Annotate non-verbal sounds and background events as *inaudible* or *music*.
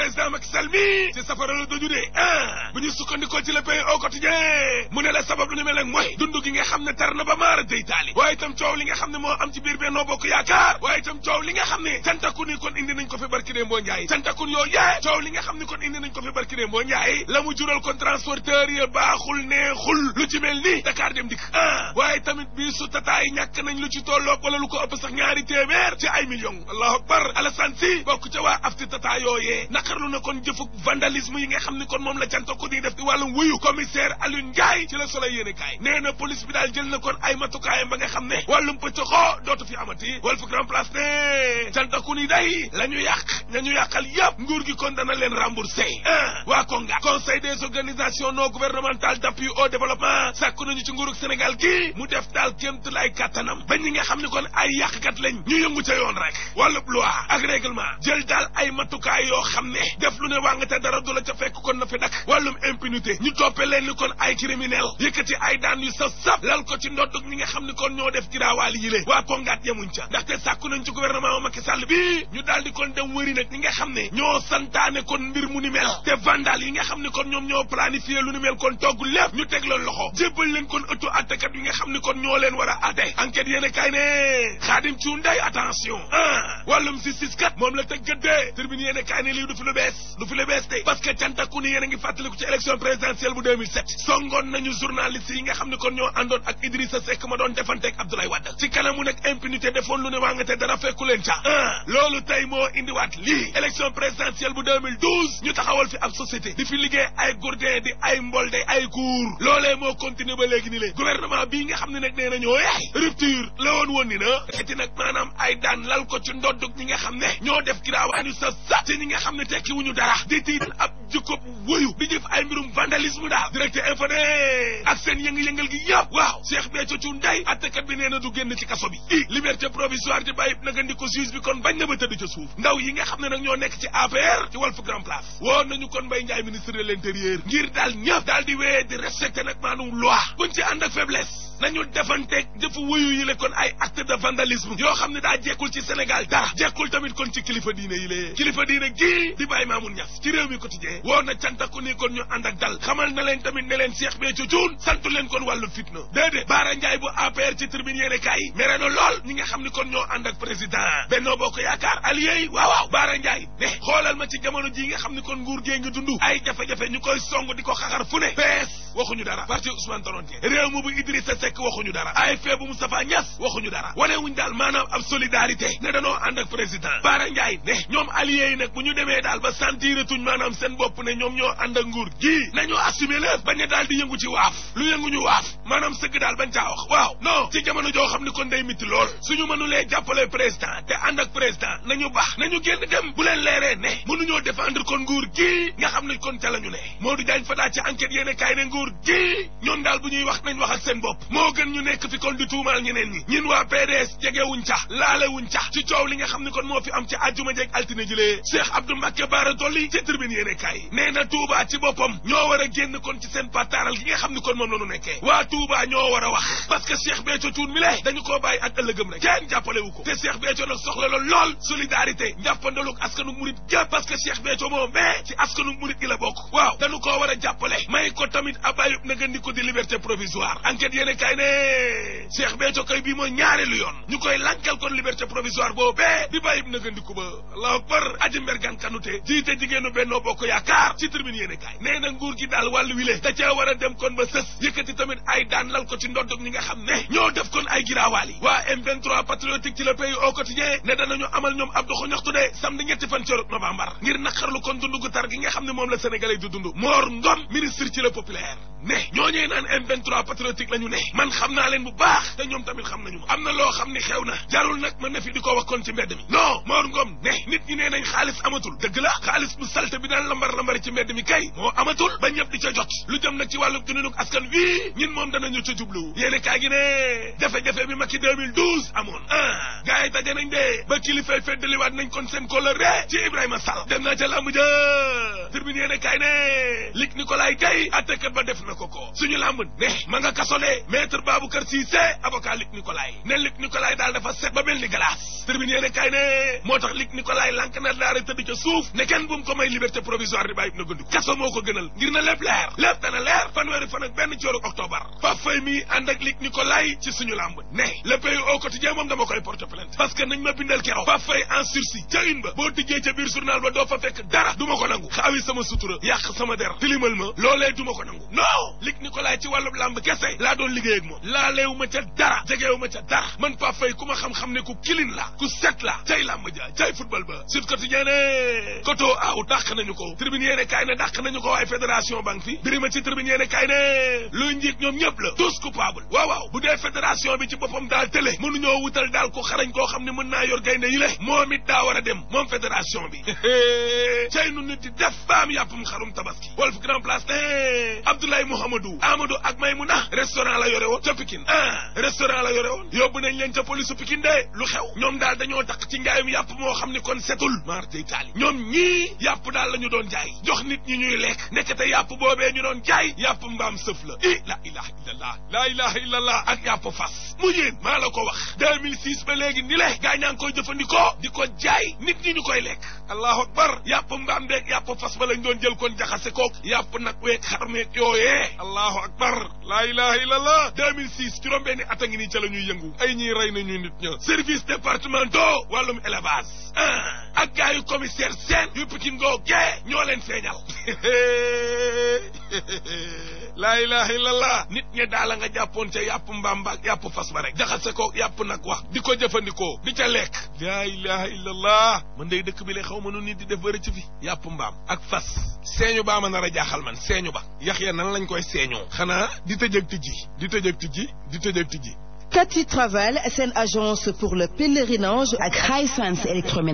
président Macky Sall mi ci safara la doju dee ah bu ñu sukkandikoo ci le pays au quotidien mu ne la sabab lu ñu mel nag mooy dund gi nga xam ne tar na ba maara day taali waaye itam coow li nga xam ne moo am ci biir Benno Bokk Yaakaar waaye itam coow li nga xam ne cantakun yi kon indi nañ ko fi barki dee mboo njaay cantakun yooyu yee coow li nga xam ne kon indi nañ ko fi barki dee mboo njaay la mu jural kon transporteur yi baaxul neexul lu ci mel ni Dakar dem dikk tamit bii su tataay ñàkk nañ lu ci tolloog wala lu ko ëpp sax ñaari téeméer ci ay millions bokk ca waa naqarlu na kon jëfuk vandalisme yi nga xam ni kon moom la canta ko di def ci wàllum wuyu commissaire Alioune Ndiaye ci la Soleil yéene kaay nee na police bi daal jël na kon ay matukaayam ba nga xam ne wàllum pëccaxoo dootu fi amati Walf Grand Place ne cantaku ni day la ñu yàq nañu yàqal yëpp nguur gi kon dana leen remboursé waa Konga conseil des organisations non gouvernementales d'appui au développement sàkku nañu ci nguurug Sénégal gi mu def daal kémtu lay kàttanam ba ñi nga xam ni kon ay yàqkat lañ ñu yëngu ca yoon rek wàllub loi ak règlement jël ay matukaay yoo xam ne ne def lu ne wàng te dara du la ca fekk kon na fi dak wàllum impunité ñu toppe leen kon ay criminel yëkkati ay daan yu saf saf lal ko ci ndoddug ñi nga xam ne kon ñoo def giraawaali yi lée waa pongaat yemuñ ca ndaxte sàkku nañ ci gouvernement Macky Sall bii ñu daal di kon dem wëri nag ñi nga xam ne ñoo santaane kon mbir mu ni mel te vandal yi nga xam ne kon ñoom ñoo planifié lu ni mel kon togg lépp ñu teg leen loxo jébbal leen kon ëttu attekat nga xam ne kon ñoo leen war a atte enquête yéen a lu fi lu bees de parce ni yéen a ngi fàttaliku ci élection présidentielle bu songoon nañu journaliste yi nga xam ne kon ñoo àndoon ak Idrissa Seck ma doon defanteeg Abdoulaye Wade ci kanamu nag impunité defoon lu ne waa nga te dara fekku leen ca loolu tey moo indiwaat lii élection présidentielle bu ñu taxawal fi ab société di fi liggéey ay gourdin di ay mbol ay kuur loolee moo continuer ba léegi ni leen gouvernement bii nga xam ne nag eh, tekki wuñu dara di tiital ab jikkob wëyu di jëf ay mbirum vandalisme daal direct info ne ak seen yëngu-yëngal gi yëpp waaw Cheikh Béthio Thioune day attekat bi nee na du génn ci kaso bi i liberté provisoire di bàyyi naka ndi ko bi kon bañ na ma tëdd ca suuf ndaw yi nga xam ne nag ñoo nekk ci APR ci Walf Grand Place woon nañu kon bay Ndiaye ministre de l'intérieur ngir daal ñëpp daal di wéyee di respecté nag maanaam loi buñ ci ànd ak faiblesse nañu defanteeg jëfu wuyu yi le ay acte de vandalisme yoo xam ne daa jekkul ci Sénégal dara jekkul tamit kon ci kilifa diine yi le kilifa diine gii di bàyyi Mamoun Niass ci réew mi quotidien woo na ko nii kon ñu ànd ak dal xamal na leen tamit ne leen Cheikh Béthio Thioune santu leen kon wàllu fitna déedéet Baara Ndiaye bu APR ci tribune yéene kaay mere lool ñi nga xam ne kon ñoo ànd ak président Benno Bokk Yaakaar allié yi waaw waaw Baara Ndiaye ne xoolal ma ci jamono ji nga xam ne kon nguur gee ngi dund ay jafe ñu koy song di ko xaxar fu waxuñu dara parti Ousmane Tanor réew mu bu Idrissa Seck waxuñu dara AFP bu Moustapha Niass waxuñu dara wanewuñ daal maanaam ab solidarité ne danoo ànd ak président Bara Ndiaye ne ñoom alliés yi nag bu ñu demee daal ba sentiratuñ maanaam seen bopp ne ñoom ñoo ànd ak nguur gii nañoo assumer lépp ba a daal di yëngu ci waaf lu yëngu ñu waaf maanaam sëgg daal bañ caa wax waaw non ci jamono joo xam ne kon day miti lool suñu mënulee jàppale président te ànd ak président nañu baax nañu génn dem bu leen leeree ne mënuñoo défendre kon nguur gii nga nguur gi ñoom daal bu ñuy wax nañ wax ak seen bopp moo gën ñu nekk fi kon di tuumaal ñeneen ñi ñun waa PDS jegewuñ ca laalewuñ ca ci coow li nga xam ne kon moo fi am ci àjjuma jeeg altine jilee Cheikh Abdou Mbacké Bara Dolly ci tribune yéene kaay nee na Touba ci boppam ñoo war a génn kon ci seen pataaral gi nga xam ne kon moom la ñu waa Touba ñoo war a wax parce que Cheikh Béthio mi le dañu koo bàyyi ak ëllëgëm rek kenn jàppale ko te Cheikh Béthio nag soxla la lool solidarité njàppandaluk askanu murit gépp parce que Cheikh Béthio moom mais ci askanu la bokk waaw ab ayub di liberté provisoire enquête yéen kay ne Cheikh Béthio bii mooy ñaareelu yoon ñu koy lankal kon liberté provisoire boobee di bàyyib na ba Allahu akbar aji mbergan kanute jiite jigéenu bennoo bokk yaakaar ci tribune yéen nee na nguur gi daal wàllu wile da cee war a dem kon ba sës yëkkati tamit ay daan lal ko ci ndoddog ñi nga xam ne ñoo def kon ay giraawaal yi waa m patriotique ci le pays au quotidien ne danañu ne moom ne ñooñee naan M23 patriotique la ñu ne man xam naa leen bu baax te ñoom xam nañu ma am na loo xam ni xew na jarul nag man na fi di ko wakkoon ci mbedd mi non Mor Ngom ne nit ñi nee nañ xaalis amatul dëgg la xaalis bu salte bi daan lambar lambari ci mbedd mi kay moo amatul ba ñëpp di ca jot lu jëm nag ci wàllu dundinu askan wi ñin moom danañu ca jublu yéene kaa gi ne jafe-jafe bi Macky 2012 amoon ah gars yi daje nañ de ba kilifay kon seen kolore Ibrahima Sall dem naa ca làmb ja tribune yéene kaay ne lig Nicolay kay attekat def na ko ko suñu làmb ne ma nga daal dafa set ba mel ni glace terminé yéene ne moo tax Luc Nicolaï lank na daara tëdd ca ne kenn bu mu ko may liberté provisoire di bàyyi na gëndu kaso moo ko gënal ngir na lépp leer lépp dana leer fan ak benn cooru octobre fa fay mi ànd ak Luc Nicolaï ci suñu làmb ne le pays au quotidien moom dama koy porte plainte parce que nañ ma bindal keroog fa fay en sursis ca une ba boo tijjee ca biir journal non lig Nicolas ci wàllub làmb kese laa doon liggéey ak moom laaleewu ma ca dara jegeewu ma ca dara man Pape Faye ku xam-xam ne ku kilin la ku set la cay làmb ja cay football ba Sud Quotidien ne koto aw dàq nañu ko tribune yéene kaay ne dàq nañu ko waaye fédération banque fi birima ci tribune yéene kaay ne luy njiit ñoom ñëpp la tous coupable waaw waaw bu dee fédération bi ci boppam daal télé mënuñoo wutal daal ko xarañ koo xam ne mën naa yor gaynde yi le moom it war a dem moom fédération bi *laughs* cay nu nit di def baam yàppam xarum tabaski Abdoulaye Mouhamadou Amadou ak Maymuna restaurant la yore woon ca Pikine ah restaurant la yore woon yóbbu nañ leen ca polisu Pikine de lu xew ñoom daal dañoo tax ci ngaayum yàpp moo xam ni kon setul marte itaali ñoom ñii yàpp daal la ñu doon jaay jox nit ñi ñuy lekk nekkate yàpp ñu doon jaay yàpp mbaam sëf la i la ilaha illallah la ilaha illallah ak yàpp fas mu yéen maa la ko wax 2006 ba léegi ni le gaa ñaa ngi koy jëfandikoo di ko jaay nit ñi ñu koy lekk allahu akbar yàpp mbaam deeg yàpp fas ba lañ doon jël kon jaxase yooyee allahu akbar laa ilaha illa allah 2006 juróom benni at a ngi la ñuy yëngu ay ñii rey nañuy nit ña service départementaux wàllum élevage ah ak gars yu commissaire seen yu pikin ngoo gee ñoo leen feeñal laa *laughs* ilaha illallah nit ñe daala nga jàppoon ca yàpp mbaam mbaak yàpp fas ba rek jaxase ko yàpp nag wax di ko jëfandikoo bi ca lekk laa ilaha illallah man day dëkk bi le xaw ma nu nit di def bëri ci fi yàpp mbaam ak fas seeñu baa ma nar a jaaxal man seeñu ba yax ya nan lañ koy seeñoo xanaa di tëjëg tijji di tëjëg tijji di tëjëg tijji Cathy Travel seen agence pour le pèlerinage ak High Sense électroménager